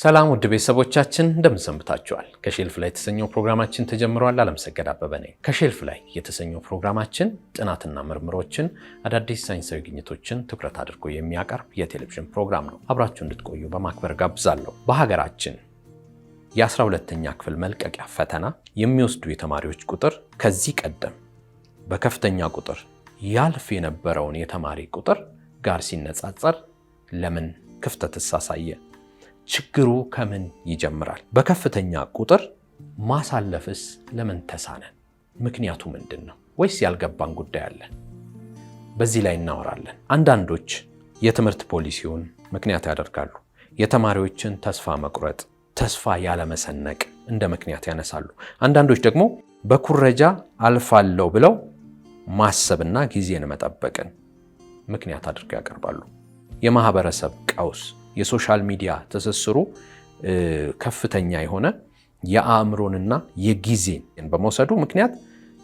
ሰላም ውድ ቤተሰቦቻችን እንደምን ሰንብታችኋል? ከሼልፍ ላይ የተሰኘው ፕሮግራማችን ተጀምሯል። አለምሰገድ አበበ ነኝ። ከሼልፍ ላይ የተሰኘው ፕሮግራማችን ጥናትና ምርምሮችን፣ አዳዲስ ሳይንሳዊ ግኝቶችን ትኩረት አድርጎ የሚያቀርብ የቴሌቪዥን ፕሮግራም ነው። አብራችሁ እንድትቆዩ በማክበር ጋብዛለሁ። በሀገራችን የ12ተኛ ክፍል መልቀቂያ ፈተና የሚወስዱ የተማሪዎች ቁጥር ከዚህ ቀደም በከፍተኛ ቁጥር ያልፍ የነበረውን የተማሪ ቁጥር ጋር ሲነጻጸር ለምን ክፍተት አሳየ? ችግሩ ከምን ይጀምራል? በከፍተኛ ቁጥር ማሳለፍስ ለምን ተሳነን? ምክንያቱ ምንድን ነው? ወይስ ያልገባን ጉዳይ አለ? በዚህ ላይ እናወራለን። አንዳንዶች የትምህርት ፖሊሲውን ምክንያት ያደርጋሉ። የተማሪዎችን ተስፋ መቁረጥ፣ ተስፋ ያለመሰነቅ እንደ ምክንያት ያነሳሉ። አንዳንዶች ደግሞ በኩረጃ አልፋለሁ ብለው ማሰብና ጊዜን መጠበቅን ምክንያት አድርገው ያቀርባሉ። የማህበረሰብ ቀውስ የሶሻል ሚዲያ ትስስሩ ከፍተኛ የሆነ የአእምሮንና የጊዜን በመውሰዱ ምክንያት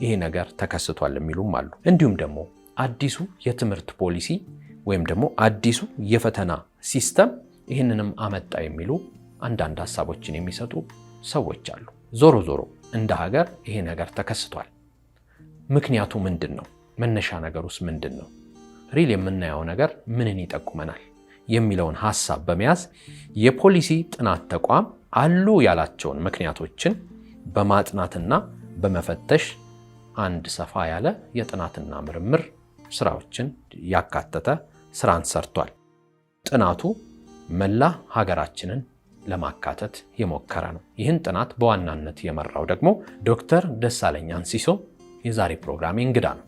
ይሄ ነገር ተከስቷል የሚሉም አሉ። እንዲሁም ደግሞ አዲሱ የትምህርት ፖሊሲ ወይም ደግሞ አዲሱ የፈተና ሲስተም ይህንንም አመጣ የሚሉ አንዳንድ ሀሳቦችን የሚሰጡ ሰዎች አሉ። ዞሮ ዞሮ እንደ ሀገር ይሄ ነገር ተከስቷል። ምክንያቱ ምንድን ነው? መነሻ ነገሩስ ምንድን ነው? ሪል የምናየው ነገር ምንን ይጠቁመናል? የሚለውን ሀሳብ በመያዝ የፖሊሲ ጥናት ተቋም አሉ ያላቸውን ምክንያቶችን በማጥናትና በመፈተሽ አንድ ሰፋ ያለ የጥናትና ምርምር ስራዎችን ያካተተ ስራን ሰርቷል። ጥናቱ መላ ሀገራችንን ለማካተት የሞከረ ነው። ይህን ጥናት በዋናነት የመራው ደግሞ ዶክተር ደሳለኝ አንሲሶ የዛሬ ፕሮግራሜ እንግዳ ነው።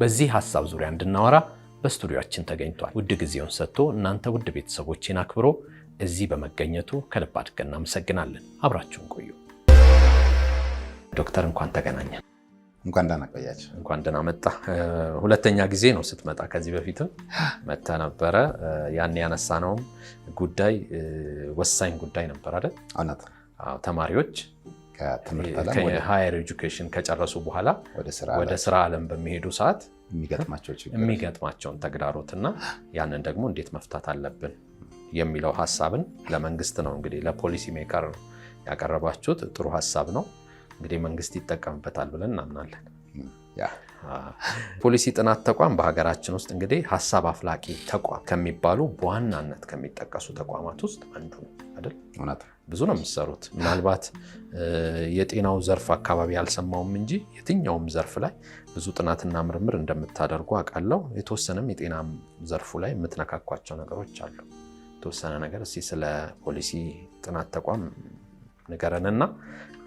በዚህ ሀሳብ ዙሪያ እንድናወራ በስቱዲዮአችን ተገኝቷል። ውድ ጊዜውን ሰጥቶ እናንተ ውድ ቤተሰቦችን አክብሮ እዚህ በመገኘቱ ከልብ አድርገን እናመሰግናለን። አብራችሁን ቆዩ። ዶክተር እንኳን ተገናኘ እንኳን ደህና ቆያችሁ። እንኳን ደህና መጣ። ሁለተኛ ጊዜ ነው ስትመጣ። ከዚህ በፊትም መተ ነበረ። ያን ያነሳነውም ጉዳይ ወሳኝ ጉዳይ ነበር አይደል? እውነት ተማሪዎች ሃየር ኤጁኬሽን ከጨረሱ በኋላ ወደ ስራ ዓለም በሚሄዱ ሰዓት የሚገጥማቸውን ተግዳሮትና ያንን ደግሞ እንዴት መፍታት አለብን የሚለው ሀሳብን ለመንግስት ነው እንግዲህ ለፖሊሲ ሜከር ያቀረባችሁት ጥሩ ሀሳብ ነው። እንግዲህ መንግስት ይጠቀምበታል ብለን እናምናለን። ፖሊሲ ጥናት ተቋም በሀገራችን ውስጥ እንግዲህ ሀሳብ አፍላቂ ተቋም ከሚባሉ በዋናነት ከሚጠቀሱ ተቋማት ውስጥ አንዱ ነው ብዙ ነው የምትሰሩት። ምናልባት የጤናው ዘርፍ አካባቢ አልሰማውም እንጂ የትኛውም ዘርፍ ላይ ብዙ ጥናትና ምርምር እንደምታደርጉ አውቃለሁ። የተወሰነም የጤና ዘርፉ ላይ የምትነካኳቸው ነገሮች አሉ። የተወሰነ ነገር እስኪ ስለ ፖሊሲ ጥናት ተቋም ንገረንና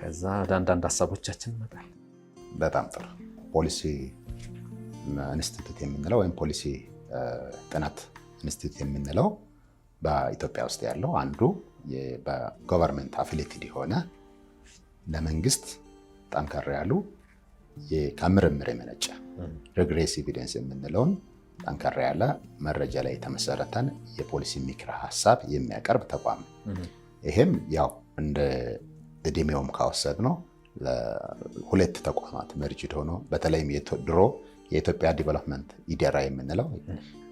ከዛ ወደ አንዳንድ ሀሳቦቻችን እንመጣለን። በጣም ጥሩ። ፖሊሲ ኢንስቲትዩት የምንለው ወይም ፖሊሲ ጥናት ኢንስቲትዩት የምንለው በኢትዮጵያ ውስጥ ያለው አንዱ በጎቨርንመንት አፊሊቲድ የሆነ ለመንግስት ጠንከር ያሉ ከምርምር የመነጨ ሪግሬስ ኤቪደንስ የምንለውን ጠንከር ያለ መረጃ ላይ የተመሰረተን የፖሊሲ ምክረ ሀሳብ የሚያቀርብ ተቋም። ይሄም ያው እንደ እድሜውም ካወሰድ ነው ሁለት ተቋማት መርጅድ ሆኖ በተለይም ድሮ የኢትዮጵያ ዲቨሎፕመንት ኢዴራ የምንለው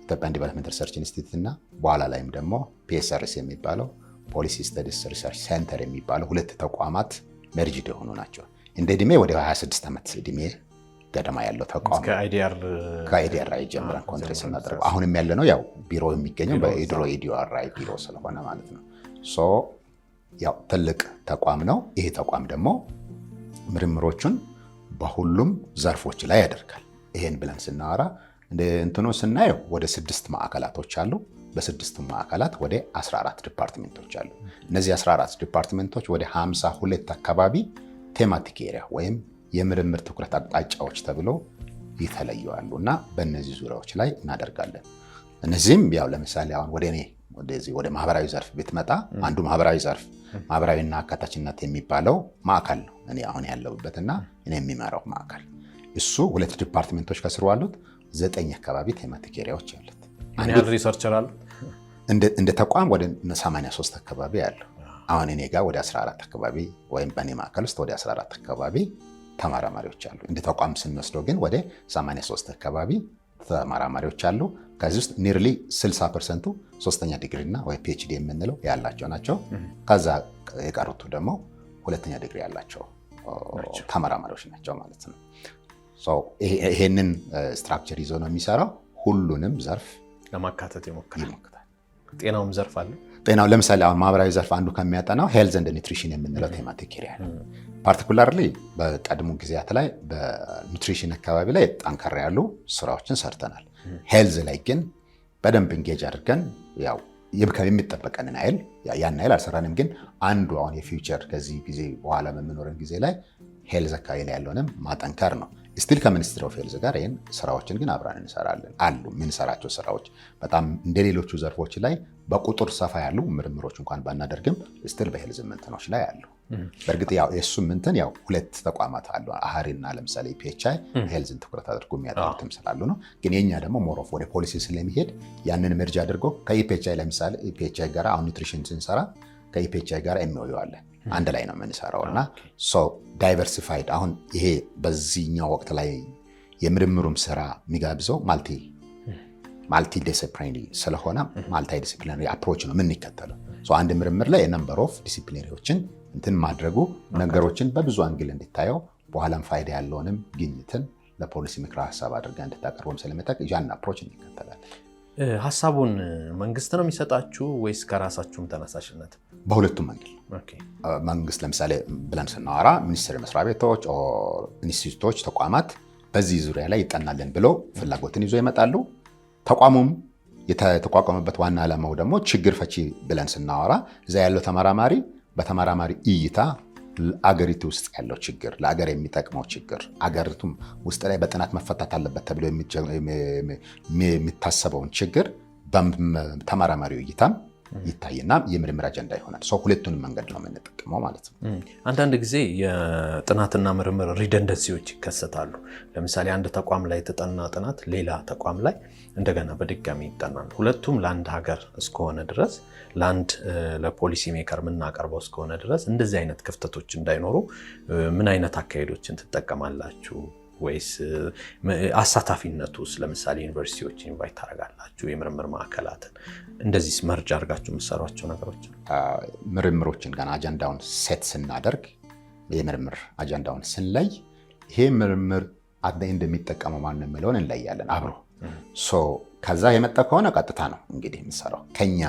ኢትዮጵያን ዲቨሎፕመንት ሪሰርች ኢንስቲትዩት እና በኋላ ላይም ደግሞ ፒኤስአርኤስ የሚባለው ፖሊሲ ስተዲስ ሪሰርች ሴንተር የሚባለው ሁለት ተቋማት መርጅድ የሆኑ ናቸው። እንደ እድሜ ወደ 26 ዓመት እድሜ ገደማ ያለው ተቋም ከአይዲአር ጀምረን ኮንትሬት ስናደርገው አሁንም ያለ ነው። ያው ቢሮ የሚገኘው በድሮ ኢዲአር ቢሮ ስለሆነ ማለት ነው። ያው ትልቅ ተቋም ነው። ይህ ተቋም ደግሞ ምርምሮቹን በሁሉም ዘርፎች ላይ ያደርጋል። ይሄን ብለን ስናወራ እንትኖ ስናየው ወደ ስድስት ማዕከላቶች አሉ። በስድስቱ ማዕከላት ወደ 14 ዲፓርትሜንቶች አሉ። እነዚህ 14 ዲፓርትሜንቶች ወደ 52 አካባቢ ቴማቲክ ኤሪያ ወይም የምርምር ትኩረት አቅጣጫዎች ተብሎ ይተለየዋሉ እና በእነዚህ ዙሪያዎች ላይ እናደርጋለን። እነዚህም ያው ለምሳሌ አሁን ወደ እኔ ወደዚህ ወደ ማህበራዊ ዘርፍ ብትመጣ አንዱ ማህበራዊ ዘርፍ ማህበራዊና አካታችነት የሚባለው ማዕከል ነው። እኔ አሁን ያለሁበትና እኔ የሚመራው ማዕከል እሱ ሁለት ዲፓርትሜንቶች ከስሩ አሉት። ዘጠኝ አካባቢ ቴማቲክ ኤሪያዎች ያሉት ሪሰርቸር አሉት እንደ ተቋም ወደ 83 አካባቢ ያለው አሁን እኔ ጋር ወደ 14 አካባቢ ወይም በእኔ ማዕከል ውስጥ ወደ 14 አካባቢ ተመራማሪዎች አሉ። እንደ ተቋም ስንወስደው ግን ወደ 83 አካባቢ ተመራማሪዎች አሉ። ከዚህ ውስጥ ኒርሊ 60 ፐርሰንቱ ሶስተኛ ዲግሪና ወይ ፒኤችዲ የምንለው ያላቸው ናቸው። ከዛ የቀሩቱ ደግሞ ሁለተኛ ዲግሪ ያላቸው ተመራማሪዎች ናቸው ማለት ነው። ይሄንን ስትራክቸር ይዞ ነው የሚሰራው። ሁሉንም ዘርፍ ለማካተት ይሞክራል። ጤናውም ዘርፍ አለ። ጤናው ለምሳሌ አሁን ማህበራዊ ዘርፍ አንዱ ከሚያጠናው ሄልዝ ኤንድ ኒትሪሽን የምንለው ቴማቲክ ሪያል ፓርቲኩላርሊ በቀድሞ ጊዜያት ላይ በኑትሪሽን አካባቢ ላይ ጠንከር ያሉ ስራዎችን ሰርተናል። ሄልዝ ላይ ግን በደንብ እንጌጅ አድርገን ያው የሚጠበቀንን አይል ያን አይል አልሰራንም። ግን አንዱ አሁን የፊውቸር ከዚህ ጊዜ በኋላ በምኖረን ጊዜ ላይ ሄልዝ አካባቢ ላይ ያለውንም ማጠንከር ነው። ስቲል ከሚኒስትሪ ኦፍ ሄልዝ ጋር ይህን ስራዎችን ግን አብረን እንሰራለን። አሉ የምንሰራቸው ስራዎች በጣም እንደ ሌሎቹ ዘርፎች ላይ በቁጥር ሰፋ ያሉ ምርምሮች እንኳን ባናደርግም ስቲል በሄልዝ ምንትኖች ላይ አሉ። በእርግጥ ያው የእሱም እንትን ያው ሁለት ተቋማት አሉ አሃሪና ለምሳሌ ፒኤችአይ ሄልዝን ትኩረት አድርጎ የሚያደርጉትም ስላሉ ነው። ግን የኛ ደግሞ ሞሮፍ ወደ ፖሊሲ ስለሚሄድ ያንን መርጅ አድርጎ ከኢፒኤችአይ ለምሳሌ ኢፒኤችአይ ጋር አሁን ኒትሪሽን ስንሰራ ከኢፒኤችአይ ጋር የሚወየዋለን አንድ ላይ ነው የምንሰራው እና ዳይቨርሲፋይድ አሁን ይሄ በዚህኛው ወቅት ላይ የምርምሩም ስራ የሚጋብዘው ማልቲ ማልቲ ዲስፕሊነሪ ስለሆነ ማልቲ ዲስፕሊነሪ አፕሮች ነው የምንከተለው አንድ ምርምር ላይ የነምበር ኦፍ ዲስፕሊነሪዎችን እንትን ማድረጉ ነገሮችን በብዙ አንግል እንድታየው በኋላም ፋይዳ ያለውንም ግኝትን ለፖሊሲ ምክረ ሀሳብ አድርጋ እንድታቀርበም ስለሚጠቅ ያን አፕሮች እንከተላለን። ሀሳቡን መንግስት ነው የሚሰጣችሁ ወይስ ከራሳችሁም ተነሳሽነት? በሁለቱም መንገድ መንግስት ለምሳሌ ብለን ስናወራ ሚኒስቴር መስሪያ ቤቶች፣ ኢንስቲቱቶች፣ ተቋማት በዚህ ዙሪያ ላይ ይጠናለን ብለው ፍላጎትን ይዞ ይመጣሉ። ተቋሙም የተቋቋመበት ዋና ዓላማው ደግሞ ችግር ፈቺ ብለን ስናወራ እዛ ያለው ተመራማሪ በተመራማሪ እይታ አገሪቱ ውስጥ ያለው ችግር ለአገር የሚጠቅመው ችግር አገሪቱም ውስጥ ላይ በጥናት መፈታት አለበት ተብሎ የሚታሰበውን ችግር በተመራማሪው እይታም ይታይና የምርምር አጀንዳ ይሆናል። ሰው ሁለቱንም መንገድ ነው የምንጠቀመው ማለት ነው። አንዳንድ ጊዜ የጥናትና ምርምር ሪደንደንሲዎች ይከሰታሉ። ለምሳሌ አንድ ተቋም ላይ የተጠና ጥናት ሌላ ተቋም ላይ እንደገና በድጋሚ ይጠናል። ሁለቱም ለአንድ ሀገር እስከሆነ ድረስ ለአንድ ለፖሊሲ ሜከር የምናቀርበው እስከሆነ ድረስ እንደዚህ አይነት ክፍተቶች እንዳይኖሩ ምን አይነት አካሄዶችን ትጠቀማላችሁ? ወይስ አሳታፊነቱስ? ለምሳሌ ዩኒቨርሲቲዎች ኢንቫይት ታደረጋላችሁ የምርምር ማዕከላትን እንደዚህ መርጃ አድርጋችሁ የምሰሯቸው ነገሮች? ምርምሮችን ገና አጀንዳውን ሴት ስናደርግ የምርምር አጀንዳውን ስንለይ ይሄ ምርምር አይ እንደሚጠቀመው ማን የሚለውን እንለያለን አብሮ ከዛ የመጣ ከሆነ ቀጥታ ነው እንግዲህ የምሰራው ከኛ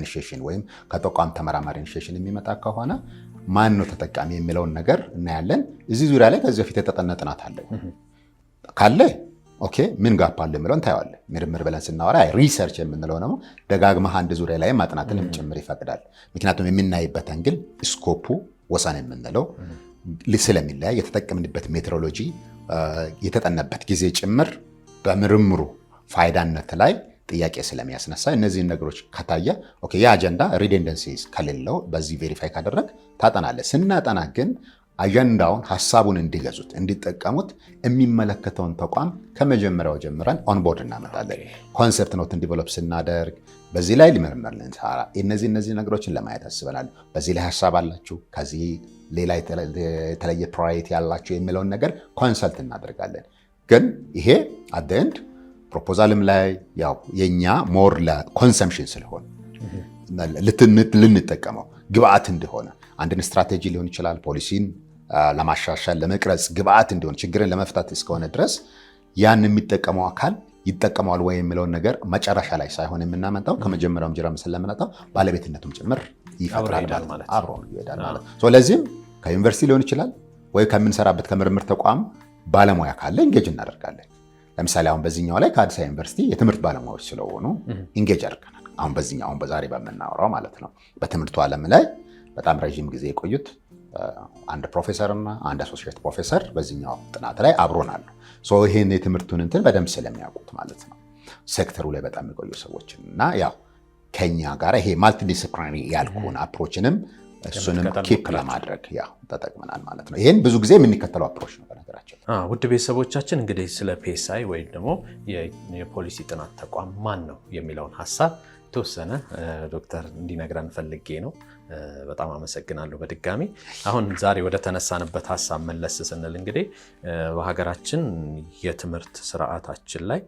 ኢኒሽሽን ወይም ከተቋም ተመራማሪ ኢኒሽሽን የሚመጣ ከሆነ ማን ነው ተጠቃሚ የሚለውን ነገር እናያለን። እዚህ ዙሪያ ላይ ከዚህ በፊት የተጠነ ጥናት አለ ካለ ኦኬ ምን ጋፕ አለ የሚለውን ታየዋለህ። ምርምር ብለን ስናወራ ሪሰርች የምንለው ደግሞ ደጋግመህ አንድ ዙሪያ ላይ ማጥናትንም ጭምር ይፈቅዳል። ምክንያቱም የምናይበት አንግል ስኮፑ ወሰን የምንለው ስለሚለያይ የተጠቀምንበት ሜትሮሎጂ የተጠነበት ጊዜ ጭምር በምርምሩ ፋይዳነት ላይ ጥያቄ ስለሚያስነሳ እነዚህን ነገሮች ከታየ ኦኬ አጀንዳ ሪደንደንሲ ከሌለው በዚህ ቬሪፋይ ካደረግ ታጠናለ። ስናጠና ግን አጀንዳውን ሀሳቡን እንዲገዙት እንዲጠቀሙት የሚመለከተውን ተቋም ከመጀመሪያው ጀምረን ኦንቦርድ እናመጣለን። ኮንሰፕት ኖትን እንዲቨሎፕ ስናደርግ በዚህ ላይ ሊመርመር ልንሰራ እነዚህ እነዚህ ነገሮችን ለማየት አስበናል። በዚህ ላይ ሀሳብ አላችሁ ከዚህ ሌላ የተለየ ፕራዮሪቲ ያላችሁ የሚለውን ነገር ኮንሰልት እናደርጋለን። ግን ይሄ አት ፕሮፖዛልም ላይ ያው የኛ ሞር ለኮንሰምሽን ስለሆነ ልንጠቀመው ግብአት እንደሆነ አንድን ስትራቴጂ ሊሆን ይችላል ፖሊሲን ለማሻሻል ለመቅረጽ ግብአት እንዲሆን ችግርን ለመፍታት እስከሆነ ድረስ ያን የሚጠቀመው አካል ይጠቀመዋል ወይ የሚለውን ነገር መጨረሻ ላይ ሳይሆን የምናመጣው ከመጀመሪያውም ጀምረን ስለምናመጣው ባለቤትነቱም ጭምር ይፈጥራል ማለት አብሮ ይሄዳል ማለት ነው። ለዚህም ከዩኒቨርሲቲ ሊሆን ይችላል ወይ ከምንሰራበት ከምርምር ተቋም ባለሙያ ካለ እንጌጅ እናደርጋለን። ለምሳሌ አሁን በዚኛው ላይ ከአዲስ አበባ ዩኒቨርሲቲ የትምህርት ባለሙያዎች ስለሆኑ ኢንጌጅ አድርገናል። አሁን በዚህኛው አሁን በዛሬ በምናወራው ማለት ነው። በትምህርቱ ዓለም ላይ በጣም ረዥም ጊዜ የቆዩት አንድ ፕሮፌሰር እና አንድ አሶሲየት ፕሮፌሰር በዚኛው ጥናት ላይ አብሮን አሉ። ይህን የትምህርቱን እንትን በደንብ ስለሚያውቁት ማለት ነው። ሴክተሩ ላይ በጣም የቆዩ ሰዎችን እና ያው ከኛ ጋር ይሄ ማልቲዲስፕሊናሪ ያልኩን አፕሮችንም እሱንም ኪፕ ለማድረግ ያው ተጠቅመናል ማለት ነው። ይህን ብዙ ጊዜ የምንከተለው አፕሮች ነው። የምናገራቸው። ውድ ቤተሰቦቻችን እንግዲህ ስለ ፒኤስአይ ወይም ደግሞ የፖሊሲ ጥናት ተቋም ማን ነው የሚለውን ሀሳብ የተወሰነ ዶክተር እንዲነግረን ፈልጌ ነው። በጣም አመሰግናለሁ በድጋሚ። አሁን ዛሬ ወደ ተነሳንበት ሀሳብ መለስ ስንል እንግዲህ በሀገራችን የትምህርት ስርዓታችን ላይ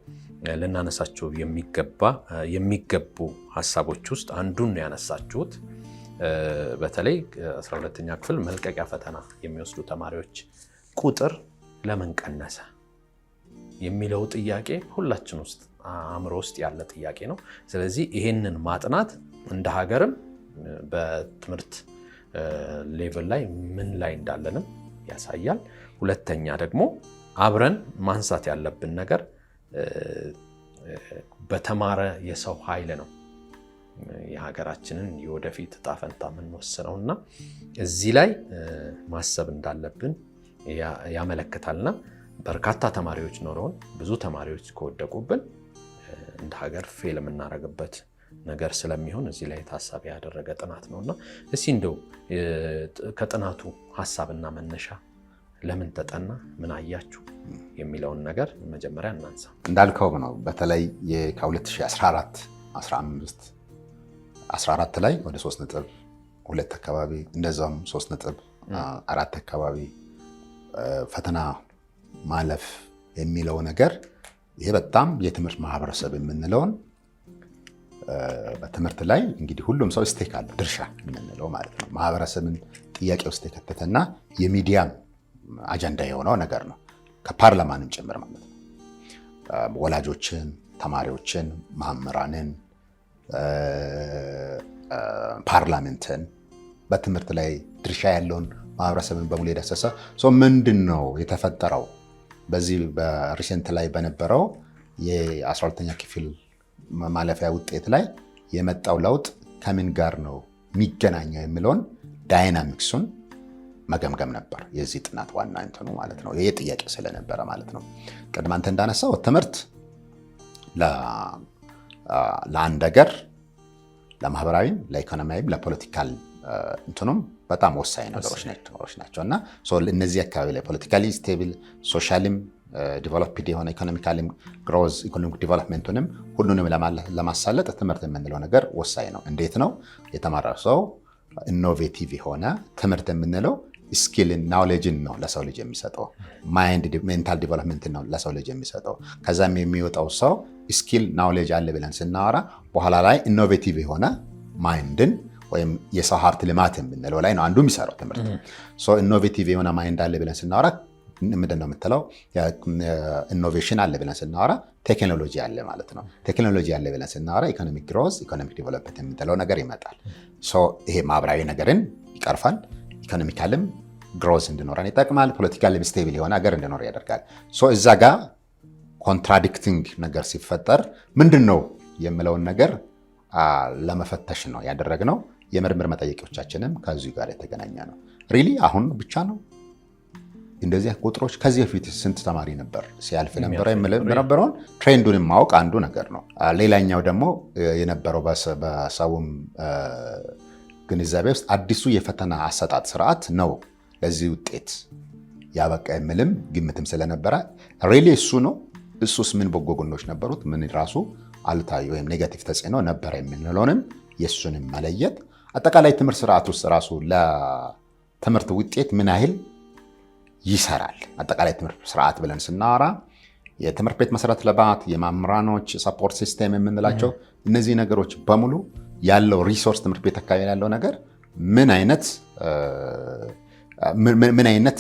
ልናነሳቸው የሚገባ የሚገቡ ሀሳቦች ውስጥ አንዱን ነው ያነሳችሁት። በተለይ 12ኛ ክፍል መልቀቂያ ፈተና የሚወስዱ ተማሪዎች ቁጥር ለምን ቀነሰ የሚለው ጥያቄ ሁላችን ውስጥ አእምሮ ውስጥ ያለ ጥያቄ ነው። ስለዚህ ይሄንን ማጥናት እንደ ሀገርም በትምህርት ሌቭል ላይ ምን ላይ እንዳለንም ያሳያል። ሁለተኛ ደግሞ አብረን ማንሳት ያለብን ነገር በተማረ የሰው ኃይል ነው የሀገራችንን የወደፊት እጣ ፈንታ የምንወስነው እና እዚህ ላይ ማሰብ እንዳለብን ያመለክታልና በርካታ ተማሪዎች ኖረውን ብዙ ተማሪዎች ከወደቁብን እንደ ሀገር ፌል የምናደርግበት ነገር ስለሚሆን እዚህ ላይ ታሳቢ ያደረገ ጥናት ነው እና እስኪ እንደው ከጥናቱ ሀሳብና መነሻ ለምን ተጠና፣ ምን አያችሁ የሚለውን ነገር መጀመሪያ እናንሳ። እንዳልከውም ነው በተለይ ከ2014 15 14 ላይ ወደ 3 ነጥብ ሁለት አካባቢ እንደዛም 3 ነጥብ አራት አካባቢ ፈተና ማለፍ የሚለው ነገር ይሄ በጣም የትምህርት ማህበረሰብ የምንለውን በትምህርት ላይ እንግዲህ ሁሉም ሰው ስቴክ አለው ድርሻ የምንለው ማለት ነው። ማህበረሰብን ጥያቄ ውስጥ የከተተና የሚዲያም አጀንዳ የሆነው ነገር ነው፣ ከፓርላማንም ጭምር ማለት ነው። ወላጆችን፣ ተማሪዎችን፣ መምህራንን፣ ፓርላሜንትን በትምህርት ላይ ድርሻ ያለውን ማህበረሰብን በሙሉ የዳሰሰ ምንድን ነው የተፈጠረው? በዚህ በሪሴንት ላይ በነበረው የ12ተኛ ክፍል ማለፊያ ውጤት ላይ የመጣው ለውጥ ከምን ጋር ነው የሚገናኘው የሚለውን ዳይናሚክሱን መገምገም ነበር የዚህ ጥናት ዋና እንትኑ ማለት ነው። ይሄ ጥያቄ ስለነበረ ማለት ነው። ቅድም አንተ እንዳነሳው ትምህርት ለአንድ ሀገር ለማህበራዊም፣ ለኢኮኖሚያዊም፣ ለፖለቲካል እንትኑም በጣም ወሳኝ ነገሮች ናቸው እና እነዚህ አካባቢ ላይ ፖለቲካሊ ስቴብል ሶሻልም ዲቨሎፕድ የሆነ ኢኮኖሚካልም ግሮዝ ኢኮኖሚክ ዲቨሎፕመንቱንም ሁሉንም ለማሳለጥ ትምህርት የምንለው ነገር ወሳኝ ነው። እንዴት ነው የተማረ ሰው ኢኖቬቲቭ የሆነ ትምህርት የምንለው ስኪልን ናውሌጅን ነው ለሰው ልጅ የሚሰጠው። ማይንድ ሜንታል ዲቨሎፕመንት ነው ለሰው ልጅ የሚሰጠው። ከዛም የሚወጣው ሰው ስኪል ናውሌጅ አለ ብለን ስናወራ በኋላ ላይ ኢኖቬቲቭ የሆነ ማይንድን ወይም የሰው ሀብት ልማት የምንለው ላይ ነው አንዱ የሚሰራው ትምህርት። ኢኖቬቲቭ የሆነ ማይንድ አለ ብለን ስናወራ ምንድን ነው የምትለው? ኢኖቬሽን አለ ብለን ስናወራ ቴክኖሎጂ አለ ማለት ነው። ቴክኖሎጂ አለ ብለን ስናወራ ኢኮኖሚክ ግሮዝ፣ ኢኮኖሚክ ዲቨሎፕመንት የምንለው ነገር ይመጣል። ይሄ ማህበራዊ ነገርን ይቀርፋል። ኢኮኖሚካልም ግሮዝ እንድኖረን ይጠቅማል። ፖለቲካልም ስቴብል የሆነ ሀገር እንድኖር ያደርጋል። እዛ ጋ ኮንትራዲክቲንግ ነገር ሲፈጠር ምንድን ነው የምለውን ነገር ለመፈተሽ ነው ያደረግነው። የምርምር መጠየቂያዎቻችንም ከዚሁ ጋር የተገናኘ ነው። ሪሊ አሁን ብቻ ነው እንደዚህ ቁጥሮች ከዚህ በፊት ስንት ተማሪ ነበር ሲያልፍ ነበረ የነበረውን ትሬንዱን ማወቅ አንዱ ነገር ነው። ሌላኛው ደግሞ የነበረው በሰውም ግንዛቤ ውስጥ አዲሱ የፈተና አሰጣጥ ስርዓት ነው ለዚህ ውጤት ያበቃ የምልም ግምትም ስለነበረ ሬሌ እሱ ነው። እሱስ ምን በጎ ጎኖች ነበሩት? ምን ራሱ አሉታዊ ወይም ኔጋቲቭ ተጽዕኖ ነበረ የምንለውንም የእሱንም መለየት አጠቃላይ ትምህርት ስርዓት ውስጥ ራሱ ለትምህርት ውጤት ምን ያህል ይሰራል? አጠቃላይ ትምህርት ስርዓት ብለን ስናወራ የትምህርት ቤት መሰረተ ልማት፣ የመምህራኖች ሰፖርት ሲስተም የምንላቸው እነዚህ ነገሮች በሙሉ ያለው ሪሶርስ ትምህርት ቤት አካባቢ ያለው ነገር ምን አይነት ምን አይነት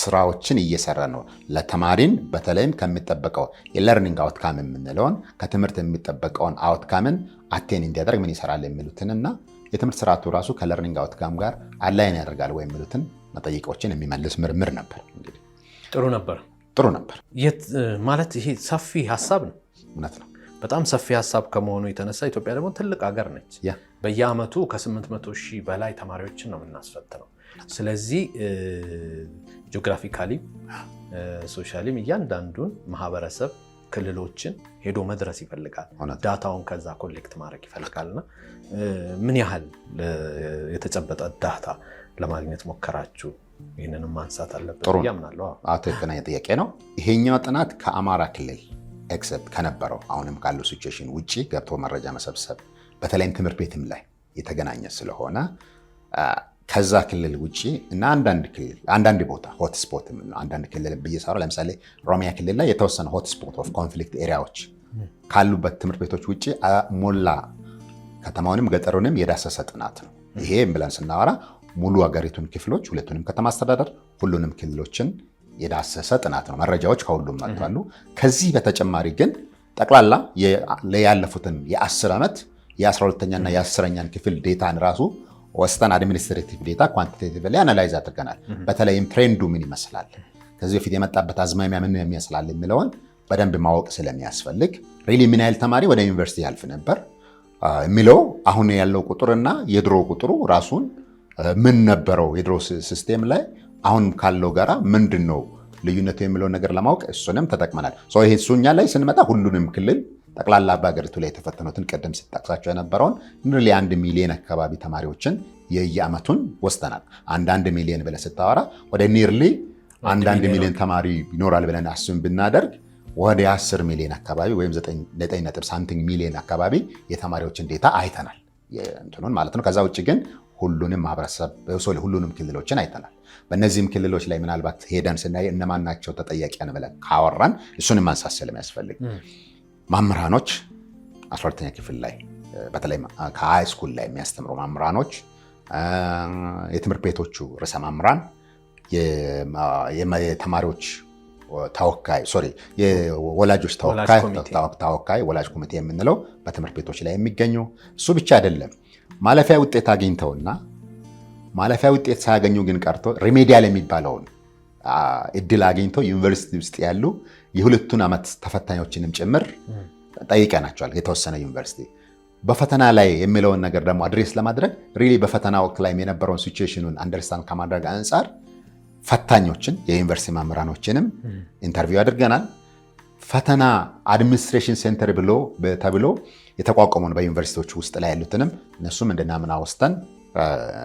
ስራዎችን እየሰራ ነው። ለተማሪን በተለይም ከሚጠበቀው የለርኒንግ አውትካም የምንለውን ከትምህርት የሚጠበቀውን አውትካምን አቴን እንዲያደርግ ምን ይሰራል የሚሉትን እና የትምህርት ስርዓቱ ራሱ ከለርኒንግ አውትካም ጋር አላይን ያደርጋል ወይ የሚሉትን መጠይቆችን የሚመልስ ምርምር ነበር። እንግዲህ ጥሩ ነበር ጥሩ ነበር ማለት ይሄ ሰፊ ሀሳብ ነው። እውነት ነው። በጣም ሰፊ ሀሳብ ከመሆኑ የተነሳ ኢትዮጵያ ደግሞ ትልቅ ሀገር ነች። በየአመቱ ከ800 ሺህ በላይ ተማሪዎችን ነው የምናስፈትነው። ስለዚህ ጂኦግራፊካሊም ሶሻሊም እያንዳንዱን ማህበረሰብ ክልሎችን ሄዶ መድረስ ይፈልጋል። ዳታውን ከዛ ኮሌክት ማድረግ ይፈልጋልና ምን ያህል የተጨበጠ ዳታ ለማግኘት ሞከራችሁ? ይህንንም ማንሳት አለበት ያምናለሁ። ትክክለኛ ጥያቄ ነው። ይሄኛው ጥናት ከአማራ ክልል ኤክሰፕት ከነበረው አሁንም ካለው ሲቹዌሽን ውጭ ገብቶ መረጃ መሰብሰብ በተለይም ትምህርት ቤትም ላይ የተገናኘ ስለሆነ ከዛ ክልል ውጭ እና አንዳንድ ክልል አንዳንድ ቦታ ሆትስፖት አንዳንድ ክልል ብየሰራ ለምሳሌ ኦሮሚያ ክልል ላይ የተወሰነ ሆትስፖት ኦፍ ኮንፍሊክት ኤሪያዎች ካሉበት ትምህርት ቤቶች ውጭ ሞላ ከተማውንም ገጠሩንም የዳሰሰ ጥናት ነው። ይሄ ብለን ስናወራ ሙሉ ሀገሪቱን ክፍሎች፣ ሁለቱንም ከተማ አስተዳደር፣ ሁሉንም ክልሎችን የዳሰሰ ጥናት ነው። መረጃዎች ከሁሉም መጥቷሉ። ከዚህ በተጨማሪ ግን ጠቅላላ ያለፉትን የ ዓመት የ12ኛና የአስረኛን ክፍል ዴታን ራሱ ወስተን አድሚኒስትሬቲቭ ዴታ ኳንቲቴቲቭ ላይ አናላይዝ አድርገናል። በተለይም ትሬንዱ ምን ይመስላል፣ ከዚህ በፊት የመጣበት አዝማሚያ ምን የሚመስላል የሚለውን በደንብ ማወቅ ስለሚያስፈልግ ሪሊ ምን ያህል ተማሪ ወደ ዩኒቨርሲቲ ያልፍ ነበር የሚለው አሁን ያለው ቁጥርና የድሮ ቁጥሩ ራሱን ምን ነበረው የድሮ ሲስቴም ላይ አሁን ካለው ጋራ ምንድን ነው ልዩነቱ የሚለው ነገር ለማወቅ እሱንም ተጠቅመናል። ይሄ እሱኛ ላይ ስንመጣ ሁሉንም ክልል ጠቅላላ በሀገሪቱ ላይ የተፈተኑትን ቅድም ስጠቅሳቸው የነበረውን ኒርሊ አንድ ሚሊዮን አካባቢ ተማሪዎችን የየአመቱን ወስደናል። አንዳንድ ሚሊዮን ብለህ ስታወራ ወደ ኒርሊ አንዳንድ ሚሊዮን ተማሪ ይኖራል ብለን አስብን ብናደርግ ወደ 10 ሚሊዮን አካባቢ ወይም 9 ሳንቲንግ ሚሊዮን አካባቢ የተማሪዎችን ዴታ አይተናል እንትኑን ማለት ነው። ከዛ ውጭ ግን ሁሉንም ማህበረሰብ ሁሉንም ክልሎችን አይተናል። በእነዚህም ክልሎች ላይ ምናልባት ሄደን ስናይ እነማን ናቸው ተጠያቂ ብለን ካወራን እሱንም ማንሳት ስለሚያስፈልግ መምህራኖች 12ኛ ክፍል ላይ በተለይ ከሃይ ስኩል ላይ የሚያስተምሩ መምህራኖች፣ የትምህርት ቤቶቹ ርዕሰ መምህራን፣ የተማሪዎች ተወካይ ሶሪ የወላጆች ተወካይ ወላጅ ኮሚቴ የምንለው በትምህርት ቤቶች ላይ የሚገኙ እሱ ብቻ አይደለም። ማለፊያ ውጤት አግኝተውና ማለፊያ ውጤት ሳያገኙ ግን ቀርቶ ሪሜዲያል የሚባለውን እድል አግኝተው ዩኒቨርሲቲ ውስጥ ያሉ የሁለቱን ዓመት ተፈታኞችንም ጭምር ጠይቀናቸዋል። የተወሰነ ዩኒቨርሲቲ በፈተና ላይ የሚለውን ነገር ደግሞ አድሬስ ለማድረግ ሪሊ በፈተና ወቅት ላይ የነበረውን ሲቹዌሽኑን አንደርስታንድ ከማድረግ አንጻር ፈታኞችን የዩኒቨርሲቲ መምህራኖችንም ኢንተርቪው አድርገናል። ፈተና አድሚኒስትሬሽን ሴንተር ብሎ ተብሎ የተቋቋመውን በዩኒቨርሲቲዎች ውስጥ ላይ ያሉትንም እነሱም እንድናምና ወስተን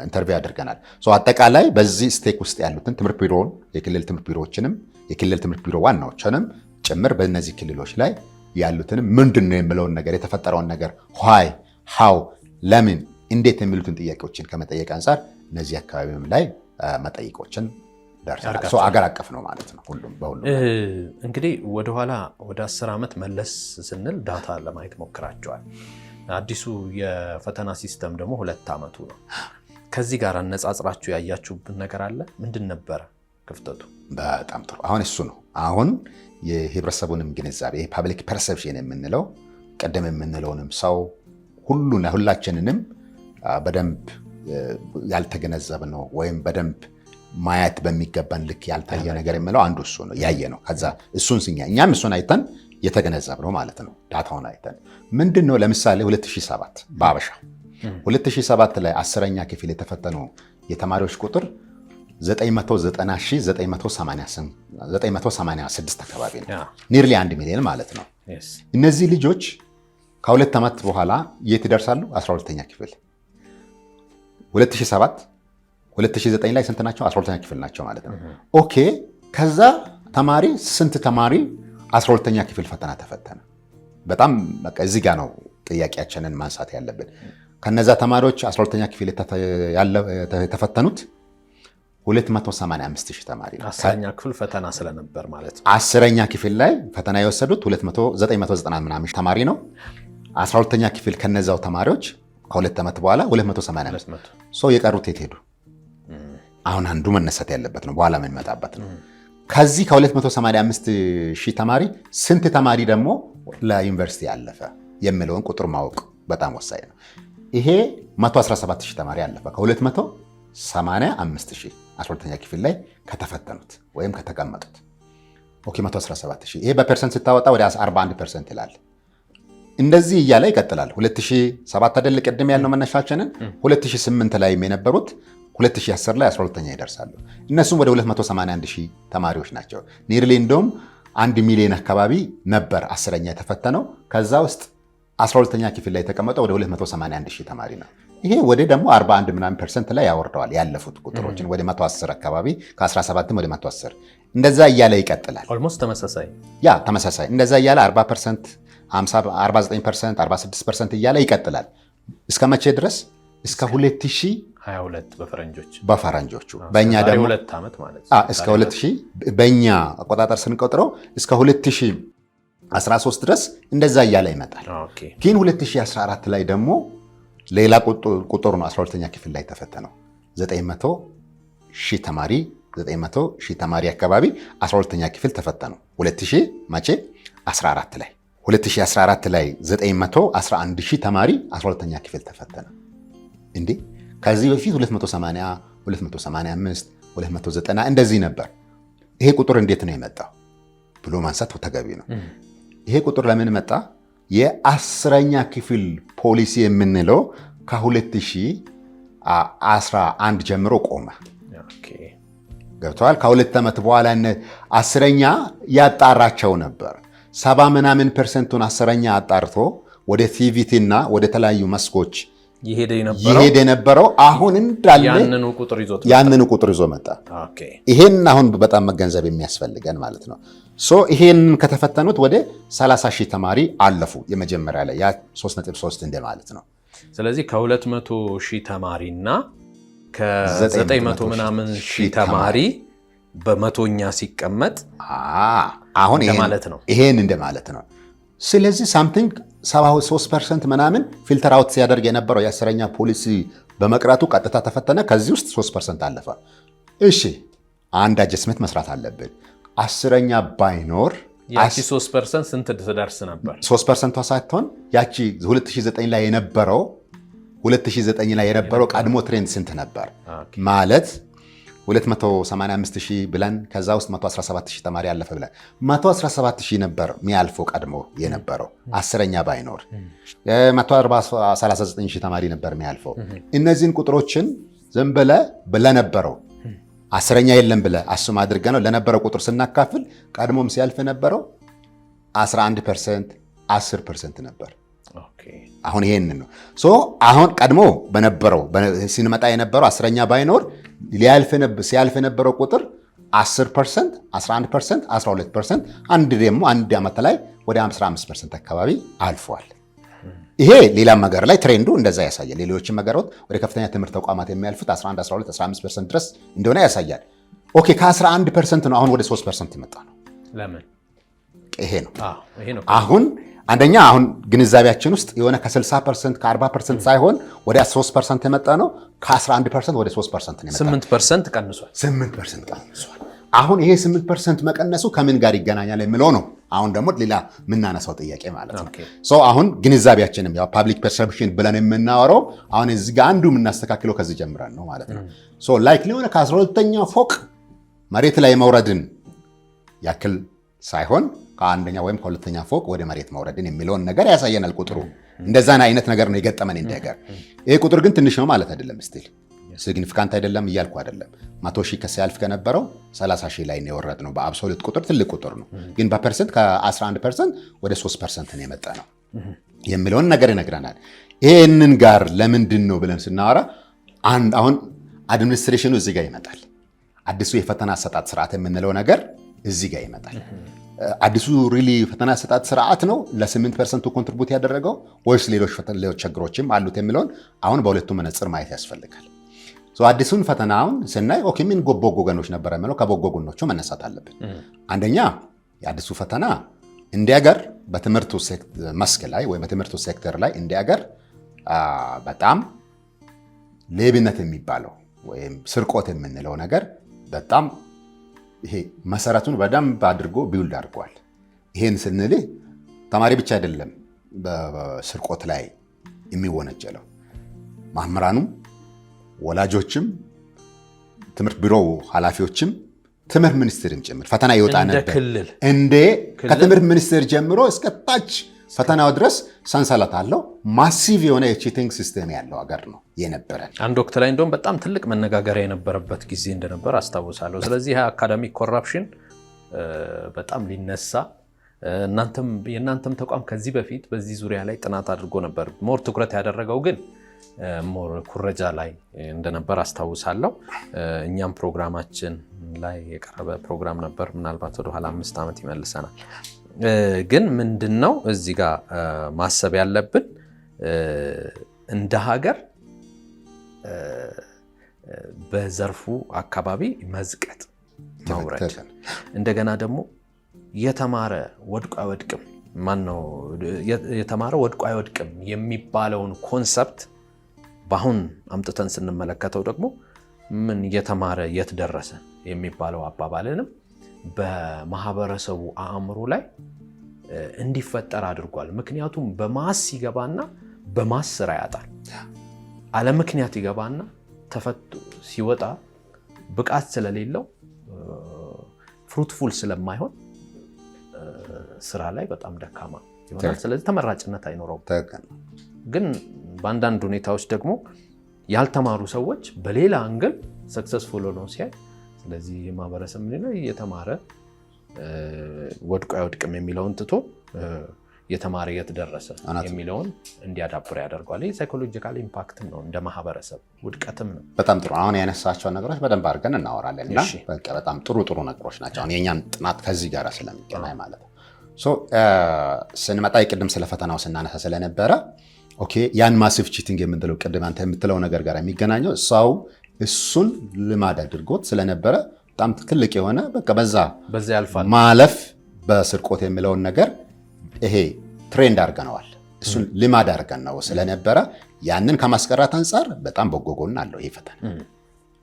ኢንተርቪው ያደርገናል። አጠቃላይ በዚህ ስቴክ ውስጥ ያሉትን ትምህርት ቢሮውን የክልል ትምህርት ቢሮዎችንም የክልል ትምህርት ቢሮ ዋናዎችንም ጭምር በእነዚህ ክልሎች ላይ ያሉትንም ምንድን ነው የምለውን ነገር የተፈጠረውን ነገር ኋይ ሃው ለምን እንዴት የሚሉትን ጥያቄዎችን ከመጠየቅ አንጻር እነዚህ አካባቢም ላይ መጠይቆችን ደርሰናል። አገር አቀፍ ነው ማለት ነው። ሁሉም በሁሉም እንግዲህ ወደኋላ ወደ አስር ዓመት መለስ ስንል ዳታ ለማየት ሞክራቸዋል። አዲሱ የፈተና ሲስተም ደግሞ ሁለት ዓመቱ ነው። ከዚህ ጋር አነጻጽራችሁ ያያችሁብን ነገር አለ? ምንድን ነበረ ክፍተቱ? በጣም ጥሩ። አሁን እሱ ነው። አሁን የህብረተሰቡንም ግንዛቤ ፓብሊክ ፐርሰፕሽን የምንለው ቀደም የምንለውንም ሰው ሁሉና ሁላችንንም በደንብ ያልተገነዘብነው ወይም በደንብ ማየት በሚገባን ልክ ያልታየ ነገር የምለው አንዱ እሱ ነው። ያየ ነው። ከዛ እሱን ስኛ እኛም እሱን አይተን የተገነዘብ ነው ማለት ነው። ዳታውን አይተን ምንድን ነው ለምሳሌ 2007 በአበሻ 2007 ላይ አስረኛ ክፍል የተፈተኑ የተማሪዎች ቁጥር 990,986 አካባቢ ነው። ኒርሊ አንድ ሚሊዮን ማለት ነው። እነዚህ ልጆች ከሁለት ዓመት በኋላ የት ይደርሳሉ? 12ኛ ክፍል 2007 2009 ላይ ስንት ናቸው? 12ኛ ክፍል ናቸው ማለት ነው። ኦኬ ከዛ ተማሪ ስንት ተማሪ አስራ ሁለተኛ ክፍል ፈተና ተፈተነ። በጣም በቃ እዚህ ጋር ነው ጥያቄያችንን ማንሳት ያለብን። ከነዛ ተማሪዎች 12ኛ ክፍል የተፈተኑት 285 ሺህ ተማሪ አስረኛ ክፍል ፈተና ስለነበር ማለት ነው። አስረኛ ክፍል ላይ ፈተና የወሰዱት 990 ምናምን ተማሪ ነው። 12ኛ ክፍል ከነዛው ተማሪዎች ከሁለት ዓመት በኋላ 285 ሰው የቀሩት የት ሄዱ? አሁን አንዱ መነሳት ያለበት ነው። በኋላ የምንመጣበት ነው። ከዚህ ከ285 ሺህ ተማሪ ስንት ተማሪ ደግሞ ለዩኒቨርሲቲ ያለፈ የሚለውን ቁጥር ማወቅ በጣም ወሳኝ ነው። ይሄ 117 ሺህ ተማሪ አለፈ ከ285 ሺህ 12ኛ ክፍል ላይ ከተፈተኑት ወይም ከተቀመጡት ኦኬ 117 ሺህ ይሄ በፐርሰንት ስታወጣ ወደ 41 ፐርሰንት ይላል። እንደዚህ እያለ ይቀጥላል። 2007 አይደል ቅድም ያልነው መነሻችንን 2008 ላይም የነበሩት 2010 ላይ 12ኛ ይደርሳሉ። እነሱም ወደ 281 ሺህ ተማሪዎች ናቸው። ኒርሊ እንደውም አንድ ሚሊዮን አካባቢ ነበር አስረኛ የተፈተነው። ከዛ ውስጥ 12ኛ ክፍል ላይ የተቀመጠው ወደ 281 ሺህ ተማሪ ነው። ይሄ ወደ ደግሞ 41 ምናምን ፐርሰንት ላይ ያወርደዋል። ያለፉት ቁጥሮችን ወደ 110 አካባቢ ከ17 ወደ 110 እንደዛ እያለ ይቀጥላል። ኦልሞስት ተመሳሳይ ያ ተመሳሳይ እንደዛ እያለ 40 ፐርሰንት 49 ፐርሰንት 46 ፐርሰንት እያለ ይቀጥላል። እስከ መቼ ድረስ? እስከ 2000 22 በፈረንጆች በፈረንጆቹ በእኛ ደግሞ ሁለት ዓመት ማለት እስከ 2000 በእኛ አቆጣጠር ስንቆጥረው እስከ 2013 ድረስ እንደዛ እያለ ይመጣል። ግን 2014 ላይ ደግሞ ሌላ ቁጥር ነው። 12ኛ ክፍል ላይ ተፈተነው 900 ሺህ ተማሪ 900 ሺህ ተማሪ አካባቢ 12ኛ ክፍል ተፈተኑ። 2000 መቼ 14 ላይ 2014 ላይ 911 ሺህ ተማሪ 12ኛ ክፍል ተፈተነ እንዴ ከዚህ በፊት 280 285 290 እንደዚህ ነበር። ይሄ ቁጥር እንዴት ነው የመጣው ብሎ ማንሳት ተገቢ ነው። ይሄ ቁጥር ለምን መጣ? የአስረኛ ክፍል ፖሊሲ የምንለው ከ2011 ጀምሮ ቆመ። ገብተዋል። ከሁለት ዓመት በኋላ አስረኛ ያጣራቸው ነበር። ሰባ ምናምን ፐርሰንቱን አስረኛ አጣርቶ ወደ ቲቪቲ እና ወደ ተለያዩ መስኮች ይሄድ የነበረው አሁን እንዳለ ያንኑ ቁጥር ይዞ መጣ። ይሄን አሁን በጣም መገንዘብ የሚያስፈልገን ማለት ነው። ይሄን ከተፈተኑት ወደ 30 ሺህ ተማሪ አለፉ። የመጀመሪያ ላይ ያ 3.3 እንደ ማለት ነው። ስለዚህ ከ200 ሺህ ተማሪና ከ900 ምናምን ሺህ ተማሪ በመቶኛ ሲቀመጥ አሁን ማለት ነው። ይሄን እንደማለት ነው። ስለዚህ ሳምቲንግ 73 ፐርሰንት ምናምን ፊልተር አውት ሲያደርግ የነበረው የአስረኛ ፖሊሲ በመቅረቱ ቀጥታ ተፈተነ። ከዚህ ውስጥ 3 ፐርሰንት አለፈ። እሺ አንድ አጀስመንት መስራት አለብን። አስረኛ ባይኖር ያቺ 3 ፐርሰንት ስንት ትደርስ ነበር? 3 ፐርሰንቷ ሳትሆን ያቺ 2009 ላይ የነበረው 2009 ላይ የነበረው ቀድሞ ትሬንድ ስንት ነበር ማለት 285 ሺህ ብለን ከዛ ውስጥ 117 ሺህ ተማሪ ያለፈ ብለን 117 ሺህ ነበር የሚያልፈው ቀድሞ የነበረው አስረኛ ባይኖር 139 ሺህ ተማሪ ነበር የሚያልፈው። እነዚህን ቁጥሮችን ዝም ብለህ ለነበረው አስረኛ የለም ብለህ አሱም አድርገ ነው ለነበረው ቁጥር ስናካፍል ቀድሞም ሲያልፍ የነበረው 11 ፐርሰንት 10 ፐርሰንት ነበር። አሁን ይሄንን ነው ሶ አሁን ቀድሞ በነበረው ስንመጣ የነበረው አስረኛ ባይኖር ሲያልፍ የነበረው ቁጥር 10 ፐርሰንት 11 ፐርሰንት 12 ፐርሰንት አንድ ደግሞ አንድ ዓመት ላይ ወደ 15 ፐርሰንት አካባቢ አልፏል። ይሄ ሌላም ሀገር ላይ ትሬንዱ እንደዛ ያሳያል። ሌሎችም ሀገሮች ወደ ከፍተኛ ትምህርት ተቋማት የሚያልፉት 11 12 15 ፐርሰንት ድረስ እንደሆነ ያሳያል። ኦኬ ከ11 ፐርሰንት ነው አሁን ወደ 3 ፐርሰንት የመጣ ነው። ለምን ይሄ ነው አሁን አንደኛ አሁን ግንዛቤያችን ውስጥ የሆነ ከ60 ፐርሰንት ከ40 ፐርሰንት ሳይሆን ወደ 3 ፐርሰንት የመጣ ነው። ከ11 ፐርሰንት ወደ 3 ፐርሰንት ነው የመጣ። 8 ፐርሰንት ቀንሷል። 8 ፐርሰንት ቀንሷል። አሁን ይሄ 8 ፐርሰንት መቀነሱ ከምን ጋር ይገናኛል የሚለው ነው። አሁን ደግሞ ሌላ የምናነሳው ጥያቄ ማለት ነው። አሁን ግንዛቤያችንም ያው ፓብሊክ ፐርሰፕሽን ብለን የምናወረው አሁን እዚህ ጋር አንዱ የምናስተካክለው ከዚህ ጀምረን ነው ማለት ነው። ላይክ ሊሆነ ከ12ኛ ፎቅ መሬት ላይ መውረድን ያክል ሳይሆን ከአንደኛ ወይም ከሁለተኛ ፎቅ ወደ መሬት መውረድን የሚለውን ነገር ያሳየናል። ቁጥሩ እንደዛን አይነት ነገር ነው የገጠመን ነገር። ይሄ ቁጥር ግን ትንሽ ነው ማለት አይደለም ስቲል ሲግኒፊካንት አይደለም እያልኩ አይደለም። መቶ ሺህ ከሲያልፍ ከነበረው 30 ሺህ ላይ ነው የወረድ ነው። በአብሶሉት ቁጥር ትልቅ ቁጥር ነው፣ ግን በፐርሰንት ከ11 ፐርሰንት ወደ 3 ፐርሰንት ነው የመጣ ነው የሚለውን ነገር ይነግረናል። ይህንን ጋር ለምንድን ነው ብለን ስናወራ አንድ አሁን አድሚኒስትሬሽኑ እዚህ ጋር ይመጣል። አዲሱ የፈተና አሰጣጥ ስርዓት የምንለው ነገር እዚህ ጋር ይመጣል። አዲሱ ሪሊ ፈተና አሰጣጥ ስርዓት ነው ለ8 ፐርሰንቱ ኮንትሪቡት ያደረገው ወይስ ሌሎች ችግሮችም አሉት የሚለውን አሁን በሁለቱ መነጽር ማየት ያስፈልጋል። አዲሱን ፈተናውን ስናይ ኦኬ ምን በጎ ጎኖች የሚለው ከበጎ ጎኖቹ መነሳት አለብን። አንደኛ የአዲሱ ፈተና እንደ በትምህርቱ መስክ ላይ ወይም በትምህርቱ ሴክተር ላይ እንደ በጣም ሌብነት የሚባለው ወይም ስርቆት የምንለው ነገር በጣም ይሄ መሰረቱን በደንብ አድርጎ ቢውልድ አድርጓል። ይሄን ስንልህ ተማሪ ብቻ አይደለም በስርቆት ላይ የሚወነጀለው መምህራኑም፣ ወላጆችም፣ ትምህርት ቢሮ ኃላፊዎችም ትምህርት ሚኒስትርም ጭምር ፈተና ይወጣ ነበር እንዴ ከትምህርት ሚኒስትር ጀምሮ እስከ ታች ፈተናው ድረስ ሰንሰለት አለው። ማሲቭ የሆነ የቺቲንግ ሲስቴም ያለው ሀገር ነው የነበረን። አንድ ወቅት ላይ እንደውም በጣም ትልቅ መነጋገሪያ የነበረበት ጊዜ እንደነበር አስታውሳለሁ። ስለዚህ አካዳሚክ ኮራፕሽን በጣም ሊነሳ የእናንተም ተቋም ከዚህ በፊት በዚህ ዙሪያ ላይ ጥናት አድርጎ ነበር። ሞር ትኩረት ያደረገው ግን ሞር ኩረጃ ላይ እንደነበር አስታውሳለሁ። እኛም ፕሮግራማችን ላይ የቀረበ ፕሮግራም ነበር። ምናልባት ወደኋላ አምስት ዓመት ይመልሰናል። ግን ምንድን ነው እዚህ ጋር ማሰብ ያለብን እንደ ሀገር በዘርፉ አካባቢ መዝቀጥ መውረድ፣ እንደገና ደግሞ የተማረ ወድቆ አይወድቅም ማነው የተማረ ወድቆ አይወድቅም የሚባለውን ኮንሰፕት በአሁን አምጥተን ስንመለከተው ደግሞ ምን የተማረ የት ደረሰ የሚባለው አባባልንም በማህበረሰቡ አእምሮ ላይ እንዲፈጠር አድርጓል። ምክንያቱም በማስ ይገባና በማስ ስራ ያጣል። አለ ምክንያት ይገባና ተፈቶ ሲወጣ ብቃት ስለሌለው ፍሩትፉል ስለማይሆን ስራ ላይ በጣም ደካማ ይሆናል። ስለዚህ ተመራጭነት አይኖረውም። ግን በአንዳንድ ሁኔታዎች ደግሞ ያልተማሩ ሰዎች በሌላ አንግል ሰክሰስፉል ሆነው ሲያይ ስለዚህ የማህበረሰብ ምንድነው የተማረ ወድቆ አይወድቅም የሚለውን ትቶ የተማረ የት ደረሰ የሚለውን እንዲያዳብር ያደርገዋል። ሳይኮሎጂካል ኢምፓክትም ነው እንደ ማህበረሰብ ውድቀትም ነው። በጣም ጥሩ። አሁን ያነሳቸውን ነገሮች በደንብ አድርገን እናወራለን እና በጣም ጥሩ ጥሩ ነገሮች ናቸው። አሁን የእኛን ጥናት ከዚህ ጋር ስለሚገናኝ ማለት ነው ስንመጣ የቅድም ስለ ፈተናው ስናነሳ ስለነበረ ኦኬ ያን ማሲቭ ቺቲንግ የምንለው ቅድም አንተ የምትለው ነገር ጋር የሚገናኘው ሰው እሱን ልማድ አድርጎት ስለነበረ በጣም ትልቅ የሆነ በቃ በዛ ማለፍ በስርቆት የሚለውን ነገር ይሄ ትሬንድ አድርገነዋል። እሱን ልማድ አድርገን ነው ስለነበረ ያንን ከማስቀራት አንጻር በጣም በጎ ጎን አለው። ይሄ ፈተና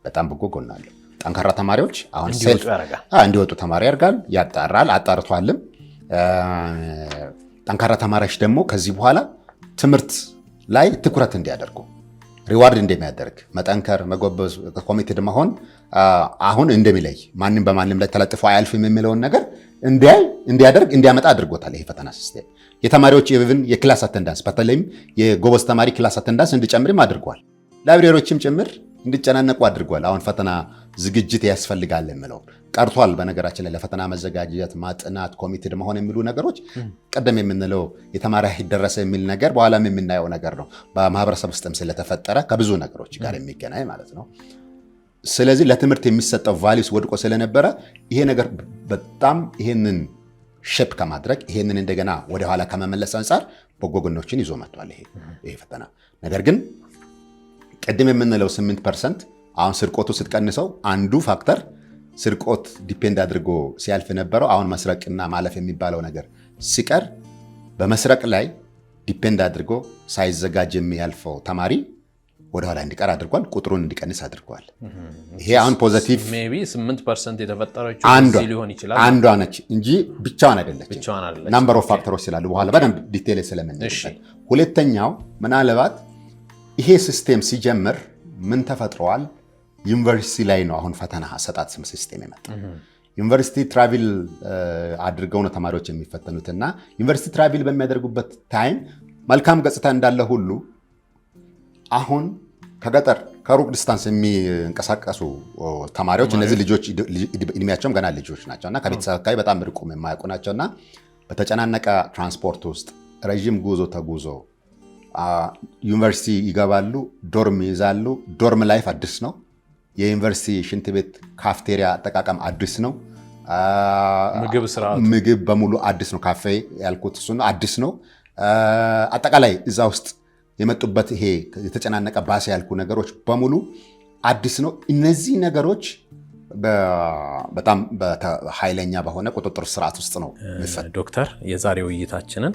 በጣም በጎ ጎን አለው። ጠንካራ ተማሪዎች አሁን እንዲወጡ ተማሪ ያርጋል ያጣራል፣ አጣርቷልም። ጠንካራ ተማሪዎች ደግሞ ከዚህ በኋላ ትምህርት ላይ ትኩረት እንዲያደርጉ ሪዋርድ እንደሚያደርግ መጠንከር፣ መጎበዝ፣ ኮሚትድ መሆን አሁን እንደሚለይ ማንም በማንም ላይ ተለጥፎ አያልፍም የሚለውን ነገር እንዲያይ እንዲያደርግ እንዲያመጣ አድርጎታል። ይሄ ፈተና ሲስቴም የተማሪዎች የብብን የክላስ አተንዳንስ በተለይም የጎበዝ ተማሪ ክላስ አተንዳንስ እንዲጨምርም አድርጓል። ላይብሬሪዎችም ጭምር እንዲጨናነቁ አድርጓል። አሁን ፈተና ዝግጅት ያስፈልጋል የምለው ቀርቷል። በነገራችን ላይ ለፈተና መዘጋጀት፣ ማጥናት፣ ኮሚቴድ መሆን የሚሉ ነገሮች ቀደም የምንለው የተማሪ ደረሰ የሚል ነገር በኋላም የምናየው ነገር ነው። በማህበረሰብ ውስጥም ስለተፈጠረ ከብዙ ነገሮች ጋር የሚገናኝ ማለት ነው። ስለዚህ ለትምህርት የሚሰጠው ቫሊዩስ ወድቆ ስለነበረ ይሄ ነገር በጣም ይሄንን ሽፕ ከማድረግ ይሄንን እንደገና ወደኋላ ከመመለስ አንጻር በጎ ጎኖችን ይዞ መጥቷል ይሄ ፈተና ነገር ግን ቅድም የምንለው 8 ፐርሰንት አሁን ስርቆቱ ስትቀንሰው አንዱ ፋክተር ስርቆት ዲፔንድ አድርጎ ሲያልፍ የነበረው አሁን መስረቅና ማለፍ የሚባለው ነገር ሲቀር በመስረቅ ላይ ዲፔንድ አድርጎ ሳይዘጋጅ የሚያልፈው ተማሪ ወደኋላ እንዲቀር አድርጓል። ቁጥሩን እንዲቀንስ አድርጓል። ይሄ አሁን ፖዘቲቭ አንዷ ነች እንጂ ብቻዋን አይደለችም። ናምበር ኦፍ ፋክተሮች ስላሉ በኋላ በደንብ ዲቴል ስለምንል ሁለተኛው ምናልባት ይሄ ሲስቴም ሲጀምር ምን ተፈጥረዋል? ዩኒቨርሲቲ ላይ ነው አሁን ፈተና አሰጣጥ ስም ሲስቴም የመጣ ዩኒቨርሲቲ ትራቪል አድርገው ነው ተማሪዎች የሚፈተኑት እና ዩኒቨርሲቲ ትራቪል በሚያደርጉበት ታይም መልካም ገጽታ እንዳለ ሁሉ አሁን ከገጠር ከሩቅ ዲስታንስ የሚንቀሳቀሱ ተማሪዎች እነዚህ ልጆች እድሜያቸውም ገና ልጆች ናቸው እና ከቤተሰብ አካባቢ በጣም ርቁም የማያውቁ ናቸው እና በተጨናነቀ ትራንስፖርት ውስጥ ረዥም ጉዞ ተጉዞ ዩኒቨርሲቲ ይገባሉ፣ ዶርም ይይዛሉ። ዶርም ላይፍ አዲስ ነው። የዩኒቨርሲቲ ሽንት ቤት ካፍቴሪያ አጠቃቀም አዲስ ነው። ምግብ በሙሉ አዲስ ነው። ካፌ ያልኩት እሱ አዲስ ነው። አጠቃላይ እዛ ውስጥ የመጡበት ይሄ የተጨናነቀ ባስ ያልኩ ነገሮች በሙሉ አዲስ ነው። እነዚህ ነገሮች በጣም ኃይለኛ በሆነ ቁጥጥር ስርዓት ውስጥ ነው። ዶክተር የዛሬ ውይይታችንን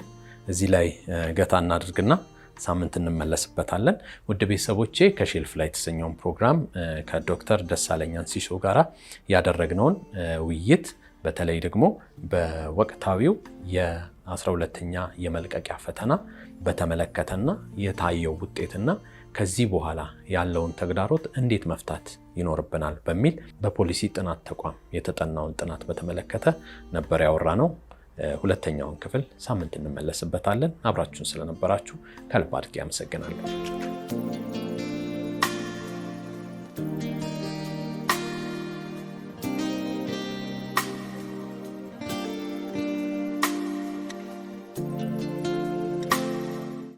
እዚህ ላይ ገታ እናድርግና ሳምንት እንመለስበታለን። ውድ ቤተሰቦቼ ከሼልፍ ላይ የተሰኘውን ፕሮግራም ከዶክተር ደሳለኝ አንሲሶ ጋራ ያደረግነውን ውይይት በተለይ ደግሞ በወቅታዊው የ12ተኛ የመልቀቂያ ፈተና በተመለከተና የታየው ውጤትና ከዚህ በኋላ ያለውን ተግዳሮት እንዴት መፍታት ይኖርብናል በሚል በፖሊሲ ጥናት ተቋም የተጠናውን ጥናት በተመለከተ ነበር ያወራ ነው። ሁለተኛውን ክፍል ሳምንት እንመለስበታለን። አብራችሁን ስለነበራችሁ ከልብ አድርጌ አመሰግናለሁ።